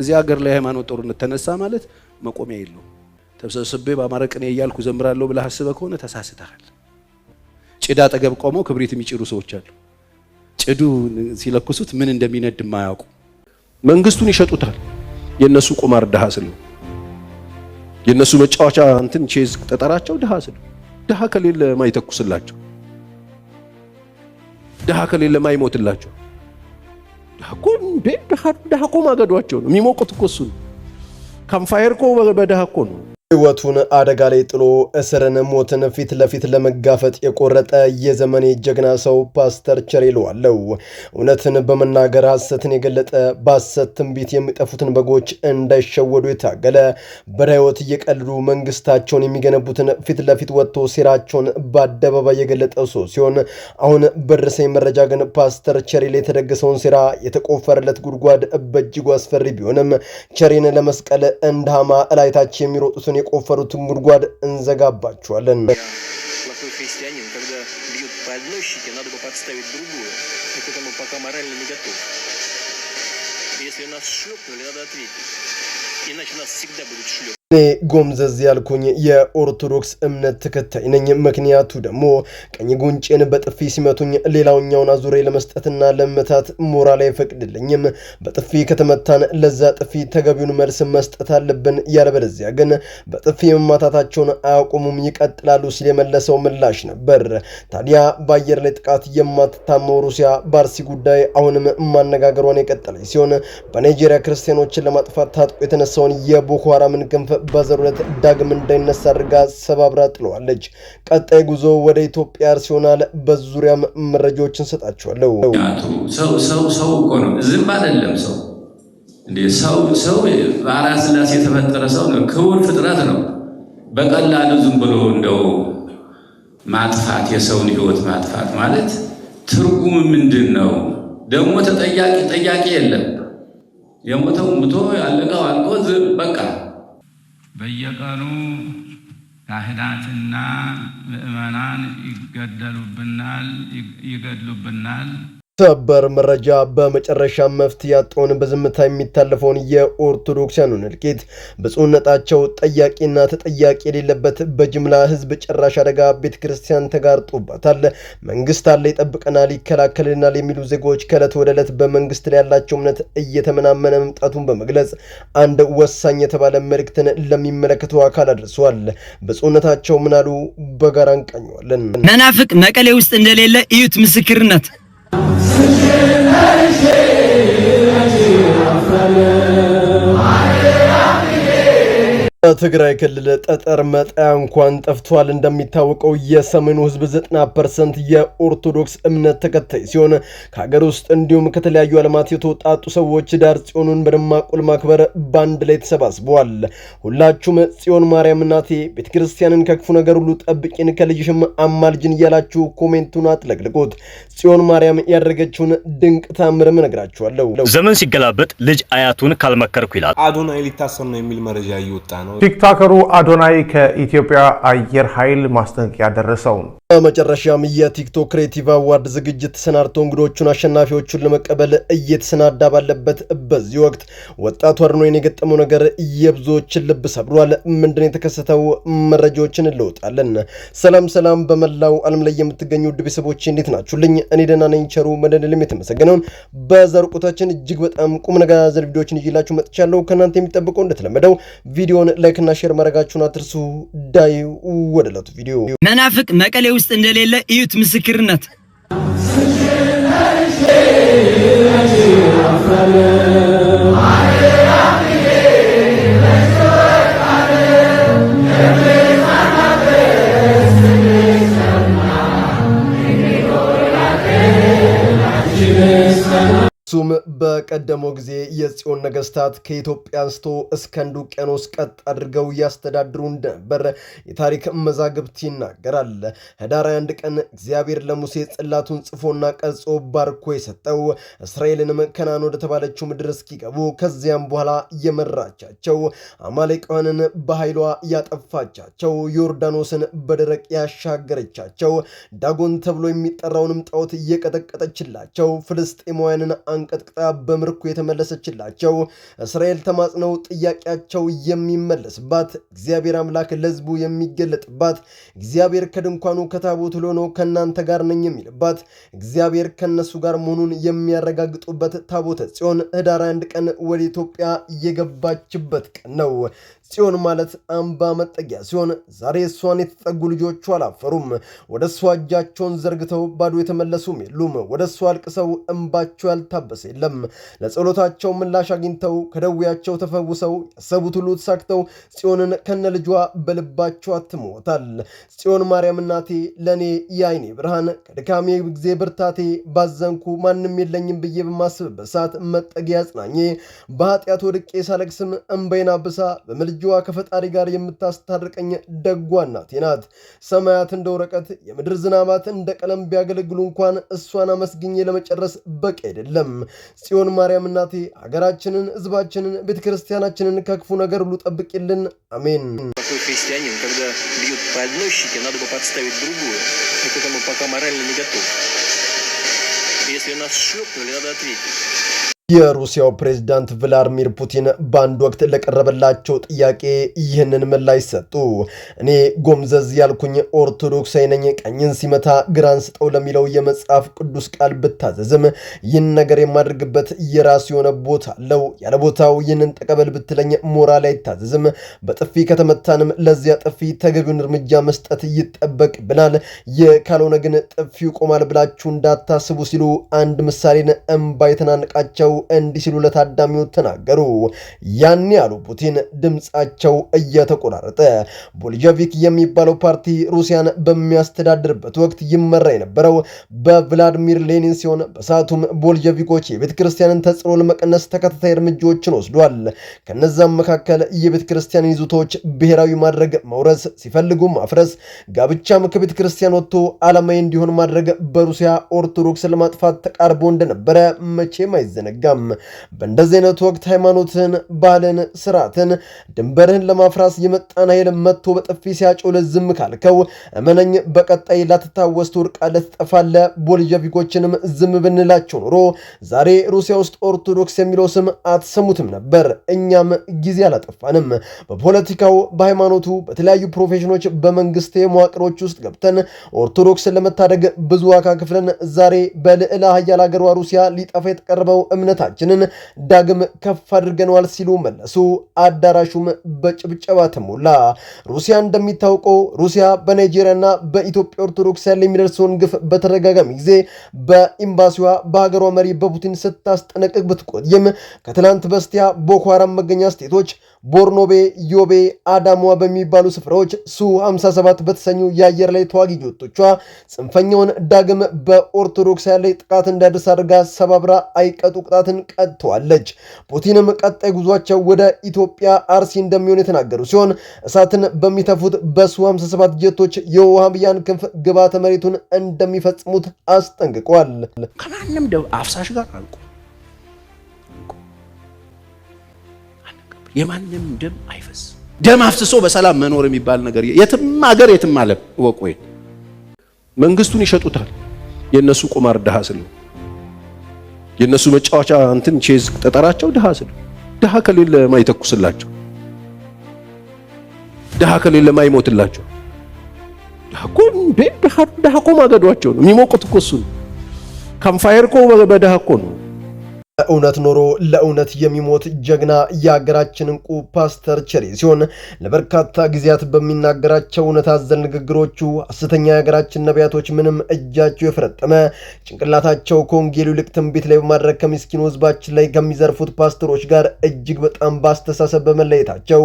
እዚህ ሀገር ላይ ሃይማኖት ጦርነት ተነሳ ማለት መቆሚያ የለውም። ተብሰብስቤ በአማረ ቅኔ እያልኩ ዘምራለሁ ብለህ አስበህ ከሆነ ተሳስተሃል። ጭድ አጠገብ ቆመው ክብሪት የሚጭሩ ሰዎች አሉ። ጭዱ ሲለኩሱት ምን እንደሚነድ የማያውቁ መንግስቱን ይሸጡታል። የእነሱ ቁማር ድሃ ስለ የእነሱ መጫወቻ እንትን ቼዝ ጠጠራቸው ድሃ ስለ ድሃ ከሌለ ማይተኩስላቸው ድሃ ከሌለ ማይሞትላቸው ድሃ እኮ ማገዷቸው ነው የሚሞቁት እኮ እሱን። ካምፋየር እኮ በድሃ ነው ህይወቱን አደጋ ላይ ጥሎ እስርን፣ ሞትን ፊት ለፊት ለመጋፈጥ የቆረጠ የዘመኔ ጀግና ሰው ፓስተር ቸሬሎ አለው። እውነትን በመናገር ሐሰትን የገለጠ በሐሰት ትንቢት የሚጠፉትን በጎች እንዳይሸወዱ የታገለ በሕይወት እየቀልዱ መንግስታቸውን የሚገነቡትን ፊት ለፊት ወጥቶ ሴራቸውን በአደባባይ የገለጠ ሰው ሲሆን አሁን በደረሰኝ መረጃ ግን ፓስተር ቸሬሎ የተደገሰውን ሴራ የተቆፈረለት ጉድጓድ በእጅጉ አስፈሪ ቢሆንም ቸሬን ለመስቀል እንደ ሃማ እላይታች የሚሮጡትን አስገብተን የቆፈሩትን ጉድጓድ እንዘጋባቸዋለን። Если እኔ ጎምዘዝ ያልኩኝ የኦርቶዶክስ እምነት ተከታይ ነኝ። ምክንያቱ ደግሞ ቀኝ ጉንጬን በጥፊ ሲመቱኝ ሌላውኛውን አዙሬ ለመስጠትና ለመታት ሞራል አይፈቅድልኝም። በጥፊ ከተመታን ለዛ ጥፊ ተገቢውን መልስ መስጠት አለብን፣ ያለበለዚያ ግን በጥፊ መማታታቸውን አያቆሙም፣ ይቀጥላሉ ሲል የመለሰው ምላሽ ነበር። ታዲያ በአየር ላይ ጥቃት የማትታመው ሩሲያ ባርሲ ጉዳይ አሁንም ማነጋገሯን የቀጠለች ሲሆን በናይጄሪያ ክርስቲያኖችን ለማጥፋት ታጥቆ የተነሳውን የቦኮ ሃራምን ክንፍ በዘሮ ዕለት ዳግም እንዳይነሳ አድርጋ ሰባብራ ጥለዋለች። ቀጣይ ጉዞ ወደ ኢትዮጵያ አርሲ ይሆናል። በዙሪያም መረጃዎችን ሰጣችኋለሁ። ሰው ሰው እኮ ነው፣ ዝም አይደለም ሰው ሰው ሰው በአራ ስላሴ የተፈጠረ ሰው ነው፣ ክቡር ፍጥረት ነው። በቀላሉ ዝም ብሎ እንደው ማጥፋት የሰውን ህይወት ማጥፋት ማለት ትርጉም ምንድን ነው? ደግሞ ተጠያቂ ጠያቂ የለም። የሞተው ሙቶ ያለቀው አልቆ በቃ በየቀኑ ካህናትና ምዕመናን ይገደሉብናል ይገድሉብናል ሰበር መረጃ። በመጨረሻ መፍትሄ ያጣውን በዝምታ የሚታለፈውን የኦርቶዶክሳኑን እልቂት ብፁዕነታቸው ጠያቂና ተጠያቂ የሌለበት በጅምላ ህዝብ ጭራሽ አደጋ ቤተ ክርስቲያን ተጋርጦባታል። መንግስት አለ ይጠብቀናል፣ ይከላከልናል የሚሉ ዜጎች ከእለት ወደ እለት በመንግስት ላይ ያላቸው እምነት እየተመናመነ መምጣቱን በመግለጽ አንድ ወሳኝ የተባለ መልእክትን ለሚመለከተው አካል አድርሰዋል። ብፁዕነታቸው ምናሉ በጋራ እንቃኘዋለን። መናፍቅ መቀሌ ውስጥ እንደሌለ እዩት ምስክርነት Yes! በትግራይ ክልል ጠጠር መጣያ እንኳን ጠፍቷል። እንደሚታወቀው የሰሜኑ ህዝብ 90 ፐርሰንት የኦርቶዶክስ እምነት ተከታይ ሲሆን ከሀገር ውስጥ እንዲሁም ከተለያዩ ዓለማት የተወጣጡ ሰዎች ዳር ጽዮኑን በደማቁ ለማክበር በአንድ ላይ ተሰባስበዋል። ሁላችሁም ጽዮን ማርያም እናቴ ቤተ ክርስቲያንን ከክፉ ነገር ሁሉ ጠብቂን፣ ከልጅሽም አማልጅን እያላችሁ ኮሜንቱን አጥለቅልቁት። ጽዮን ማርያም ያደረገችውን ድንቅ ታምርም እነግራችኋለሁ። ዘመን ሲገላበጥ ልጅ አያቱን ካልመከርኩ ይላል። አዶናይ ሊታሰር ነው የሚል መረጃ እየወጣ ነው። ቲክታከሩ አዶናይ ከኢትዮጵያ አየር ኃይል ማስጠንቀቂያ ደረሰው። በመጨረሻም የቲክቶክ ክሬቲቭ አዋርድ ዝግጅት ተሰናድቶ እንግዶቹን አሸናፊዎቹን ለመቀበል እየተሰናዳ ባለበት በዚህ ወቅት ወጣቱ አድኖን የገጠመው ነገር የብዙዎችን ልብ ሰብሯል። ምንድን የተከሰተው? መረጃዎችን እንለውጣለን። ሰላም ሰላም፣ በመላው ዓለም ላይ የምትገኙ ውድ ቤተሰቦች እንዴት ናችሁልኝ? እኔ ደህና ነኝ። ቸሩ መደልልም የተመሰገነውን በዘር ቁታችን እጅግ በጣም ቁም ነገር አዘል ቪዲዮዎችን እየላችሁ መጥቻለሁ። ከእናንተ የሚጠብቀው እንደተለመደው ቪዲዮን ላይክና ሼር ማድረጋችሁን አትርሱ። ዳይ ወደላቱ ቪዲዮ መናፍቅ መቀሌ ውስጥ እንደሌለ እዩት ምስክርነት በቀደመው ጊዜ የጽዮን ነገስታት ከኢትዮጵያ አንስቶ እስከ ህንድ ውቅያኖስ ቀጥ አድርገው እያስተዳድሩ እንደነበር የታሪክ መዛግብት ይናገራል። ህዳር 21 ቀን እግዚአብሔር ለሙሴ ጽላቱን ጽፎና ቀርጾ ባርኮ የሰጠው እስራኤልንም ከናን ወደተባለችው ምድር እስኪገቡ ከዚያም በኋላ የመራቻቸው አማሌቃውያንን በኃይሏ ያጠፋቻቸው ዮርዳኖስን በደረቅ ያሻገረቻቸው ዳጎን ተብሎ የሚጠራውንም ጣዖት እየቀጠቀጠችላቸው ፍልስጤማውያንን አንቀጥቅጣ በምርኮ የተመለሰችላቸው እስራኤል ተማጽነው ጥያቄያቸው የሚመለስባት እግዚአብሔር አምላክ ለሕዝቡ የሚገለጥባት እግዚአብሔር ከድንኳኑ ከታቦት ሆኖ ከእናንተ ጋር ነኝ የሚልባት እግዚአብሔር ከእነሱ ጋር መሆኑን የሚያረጋግጡበት ታቦተ ጽዮን ህዳር አንድ ቀን ወደ ኢትዮጵያ የገባችበት ቀን ነው። ጽዮን ማለት አምባ መጠጊያ ሲሆን ዛሬ እሷን የተጠጉ ልጆቹ አላፈሩም። ወደ እሷ እጃቸውን ዘርግተው ባዶ የተመለሱም የሉም። ወደ እሷ አልቅሰው እምባቸው ያልታበሰ የለም። ለጸሎታቸው ምላሽ አግኝተው ከደዌያቸው ተፈውሰው ያሰቡት ሁሉ ተሳክተው ጽዮንን ከነ ልጇ በልባቸው አትሞታል። ጽዮን ማርያም እናቴ፣ ለእኔ የአይኔ ብርሃን፣ ከድካሜ ጊዜ ብርታቴ፣ ባዘንኩ ማንም የለኝም ብዬ በማስብበት ሰዓት መጠጊያ አጽናኜ፣ በኃጢአት ወድቄ ሳለቅስም እምባዬን ብሳ በምል እጅዋ ከፈጣሪ ጋር የምታስታርቀኝ ደጓ እናቴ ናት። ሰማያት እንደ ወረቀት፣ የምድር ዝናባት እንደ ቀለም ቢያገለግሉ እንኳን እሷን አመስግኜ ለመጨረስ በቂ አይደለም። ጽዮን ማርያም እናቴ ሀገራችንን፣ ህዝባችንን፣ ቤተ ክርስቲያናችንን ከክፉ ነገር ሁሉ ጠብቂልን። አሜን። የሩሲያው ፕሬዝዳንት ቭላድሚር ፑቲን በአንድ ወቅት ለቀረበላቸው ጥያቄ ይህንን ምላሽ ሰጡ። እኔ ጎምዘዝ ያልኩኝ ኦርቶዶክሳዊ ነኝ፣ ቀኝን ሲመታ ግራን ስጠው ለሚለው የመጽሐፍ ቅዱስ ቃል ብታዘዝም ይህን ነገር የማደርግበት የራሱ የሆነ ቦታ አለው። ያለ ቦታው ይህንን ተቀበል ብትለኝ ሞራል አይታዘዝም። በጥፊ ከተመታንም ለዚያ ጥፊ ተገቢውን እርምጃ መስጠት ይጠበቅብናል። የካልሆነ ግን ጥፊው ቆማል ብላችሁ እንዳታስቡ ሲሉ አንድ ምሳሌን እምባ የተናነቃቸው እንዲህ ሲሉ ለታዳሚው ተናገሩ። ያኔ ያሉ ፑቲን ድምፃቸው እየተቆራረጠ ቦልሸቪክ የሚባለው ፓርቲ ሩሲያን በሚያስተዳድርበት ወቅት ይመራ የነበረው በቭላድሚር ሌኒን ሲሆን በሰዓቱም ቦልሸቪኮች የቤተ ክርስቲያንን ተጽዕኖ ለመቀነስ ተከታታይ እርምጃዎችን ወስዷል። ከነዛም መካከል የቤተ ክርስቲያንን ይዞታዎች ብሔራዊ ማድረግ፣ መውረስ፣ ሲፈልጉ ማፍረስ፣ ጋብቻም ከቤተ ክርስቲያን ወጥቶ ዓለማዊ እንዲሆን ማድረግ፣ በሩሲያ ኦርቶዶክስ ለማጥፋት ተቃርቦ እንደነበረ መቼም አይዘነጋም። አይዘነጋም። በእንደዚህ አይነት ወቅት ሃይማኖትን፣ ባህልን፣ ስርዓትን፣ ድንበርህን ለማፍራስ የመጣን ኃይል መጥቶ በጥፊ ሲያጮለ ዝም ካልከው እመነኝ በቀጣይ ላትታወስ ትወድቃለህ፣ ትጠፋለህ። ቦልሸቪኮችንም ዝም ብንላቸው ኖሮ ዛሬ ሩሲያ ውስጥ ኦርቶዶክስ የሚለው ስም አትሰሙትም ነበር። እኛም ጊዜ አላጠፋንም። በፖለቲካው፣ በሃይማኖቱ፣ በተለያዩ ፕሮፌሽኖች፣ በመንግስት መዋቅሮች ውስጥ ገብተን ኦርቶዶክስን ለመታደግ ብዙ ዋጋ ከፍለን ዛሬ በልዕለ ሀያል ሀገሯ ሩሲያ ሊጠፋ የተቀረበው እምነት አንድነታችንን ዳግም ከፍ አድርገነዋል ሲሉ መለሱ። አዳራሹም በጭብጨባ ተሞላ። ሩሲያ እንደሚታወቀው ሩሲያ በናይጄሪያና በኢትዮጵያ ኦርቶዶክስ ያለ የሚደርሰውን ግፍ በተደጋጋሚ ጊዜ በኤምባሲዋ በሀገሯ መሪ በፑቲን ስታስጠነቅቅ ብትቆይም ከትናንት በስቲያ ቦኮ ሃራም መገኛ ስቴቶች ቦርኖቤ፣ ዮቤ፣ አዳሟ በሚባሉ ስፍራዎች ሱ 57 በተሰኙ የአየር ላይ ተዋጊ ጆቶቿ ጽንፈኛውን ዳግም በኦርቶዶክስ ያለ ጥቃት እንዳደርስ አድርጋ ሰባብራ አይቀጡ ቅጣት ህወሓትን ቀጥተዋለች። ፑቲንም ቀጣይ ጉዟቸው ወደ ኢትዮጵያ አርሲ እንደሚሆን የተናገሩ ሲሆን እሳትን በሚተፉት በሱ 57 ጀቶች የውሃብያን ክንፍ ግብዓተ መሬቱን እንደሚፈጽሙት አስጠንቅቋል። ከማንም አፍሳሽ ጋር አንቁ፣ የማንም ደም አይፈስ። ደም አፍስሶ በሰላም መኖር የሚባል ነገር የትም አገር የትም አለም እወቁ። መንግስቱን ይሸጡታል። የእነሱ ቁማር ድሃ ስለው የእነሱ መጫወቻ እንትን ቼዝ ጠጠራቸው ድሃ ስለ ድሃ ከሌለ ማይተኩስላቸው ድሃ ከሌለ ማይሞትላቸው ድሃ እኮ እንዴ ድሃ ነው የሚሞቁት እኮ እሱ ካምፋየር እኮ በድሃ ነው እውነት ኖሮ ለእውነት የሚሞት ጀግና የሀገራችን እንቁ ፓስተር ቸሬ ሲሆን ለበርካታ ጊዜያት በሚናገራቸው እውነት አዘል ንግግሮቹ ሐሰተኛ የሀገራችን ነቢያቶች ምንም እጃቸው የፈረጠመ ጭንቅላታቸው ከወንጌሉ ይልቅ ትንቢት ላይ በማድረግ ከሚስኪኑ ሕዝባችን ላይ ከሚዘርፉት ፓስተሮች ጋር እጅግ በጣም በአስተሳሰብ በመለየታቸው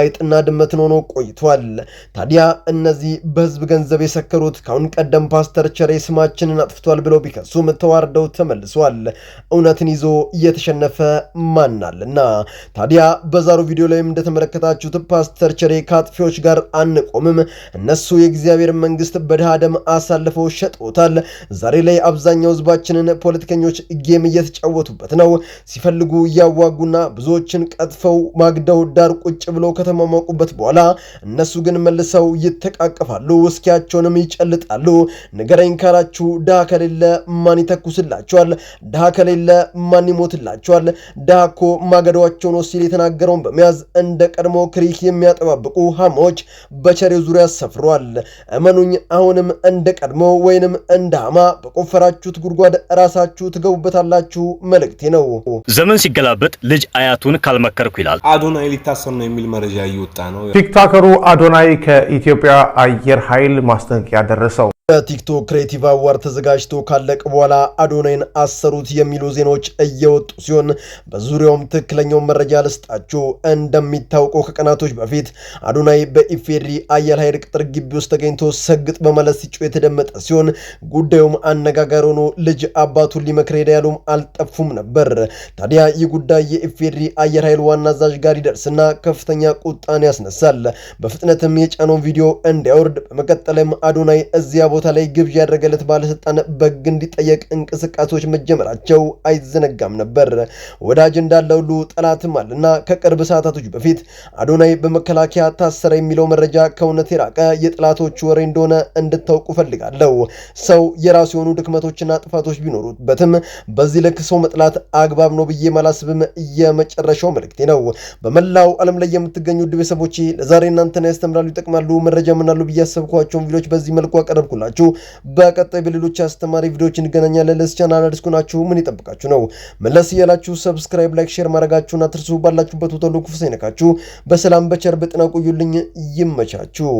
አይጥና ድመትን ሆኖ ቆይቷል። ታዲያ እነዚህ በህዝብ ገንዘብ የሰከሩት ከአሁን ቀደም ፓስተር ቸሬ ስማችንን አጥፍቷል ብለው ቢከሱም ተዋርደው ተመልሷል። እውነትን ይዞ ይዞ እየተሸነፈ ማናልና። ታዲያ በዛሩ ቪዲዮ ላይም እንደተመለከታችሁት ፓስተር ቸሬ ከአጥፊዎች ጋር አንቆምም፣ እነሱ የእግዚአብሔር መንግስት በድሃ ደም አሳልፈው ሸጦታል። ዛሬ ላይ አብዛኛው ህዝባችንን ፖለቲከኞች ጌም እየተጫወቱበት ነው። ሲፈልጉ እያዋጉና ብዙዎችን ቀጥፈው ማግደው ዳር ቁጭ ብለው ከተሟሟቁበት በኋላ እነሱ ግን መልሰው ይተቃቀፋሉ፣ ውስኪያቸውንም ይጨልጣሉ። ንገረኝ ካላችሁ ድሃ ከሌለ ማን ይተኩስላቸዋል? ድሃ ከሌለ ማን ይሞትላቸዋል? ዳኮ ማገዶቸውን ሲል የተናገረውን በመያዝ እንደ ቀድሞ ክሪክ የሚያጠባብቁ ሀማዎች በቸሬው ዙሪያ ሰፍረዋል። እመኑኝ አሁንም እንደ ቀድሞ ወይንም እንደ ሀማ በቆፈራችሁት ጉድጓድ ራሳችሁ ትገቡበታላችሁ መልእክቴ ነው። ዘመን ሲገላበጥ ልጅ አያቱን ካልመከርኩ ይላል። አዶናይ ሊታሰር ነው የሚል መረጃ እየወጣ ነው። ቲክቶከሩ አዶናይ ከኢትዮጵያ አየር ኃይል ማስጠንቀቂያ ደረሰው። በቲክቶክ ክሬቲቭ አዋር ተዘጋጅቶ ካለቀ በኋላ አዶናይን አሰሩት የሚሉ ዜናዎች እየወጡ ሲሆን በዙሪያውም ትክክለኛውን መረጃ ልስጣችሁ። እንደሚታወቀው ከቀናቶች በፊት አዶናይ በኢፌድሪ አየር ኃይል ቅጥር ግቢ ውስጥ ተገኝቶ ሰግጥ በማለት ሲጮ የተደመጠ ሲሆን ጉዳዩም አነጋጋሪ ሆኖ ልጅ አባቱን ሊመክር ሄደ ያሉም አልጠፉም ነበር። ታዲያ ይህ ጉዳይ የኢፌድሪ አየር ኃይል ዋና አዛዥ ጋር ይደርስና ከፍተኛ ቁጣን ያስነሳል። በፍጥነትም የጫነውን ቪዲዮ እንዲያወርድ በመቀጠልም አዶናይ እዚያ ቦታ ላይ ግብዣ ያደረገለት ባለስልጣን በግ እንዲጠየቅ እንቅስቃሴዎች መጀመራቸው አይዘነጋም ነበር። ወዳጅ እንዳለ ሁሉ ጠላትም አለና ከቅርብ ሰዓታቶች በፊት አዶናይ በመከላከያ ታሰረ የሚለው መረጃ ከእውነት የራቀ የጠላቶች ወሬ እንደሆነ እንድታውቁ ፈልጋለሁ። ሰው የራሱ የሆኑ ድክመቶችና ጥፋቶች ቢኖሩበትም በዚህ ልክ ሰው መጥላት አግባብ ነው ብዬ ማላስብም የመጨረሻው መልእክቴ ነው። በመላው ዓለም ላይ የምትገኙ ውድ ቤተሰቦቼ ለዛሬ እናንተን ያስተምራሉ፣ ይጠቅማሉ፣ መረጃ ምናሉ ብዬ ያሰብኳቸውን ቪዲዮዎች በዚህ መልኩ አቀረብኩላ ናችሁ። በቀጣይ በሌሎች አስተማሪ ቪዲዮዎች እንገናኛለን። ለዚህ ቻናል አዲስ ከሆናችሁ ምን ይጠብቃችሁ ነው? መለስ እያላችሁ ሰብስክራይብ፣ ላይክ፣ ሼር ማድረጋችሁን አትርሱ። ባላችሁበት ወተሉ ክፉ ሳይነካችሁ በሰላም በቸር በጤና ቆዩልኝ። ይመቻችሁ።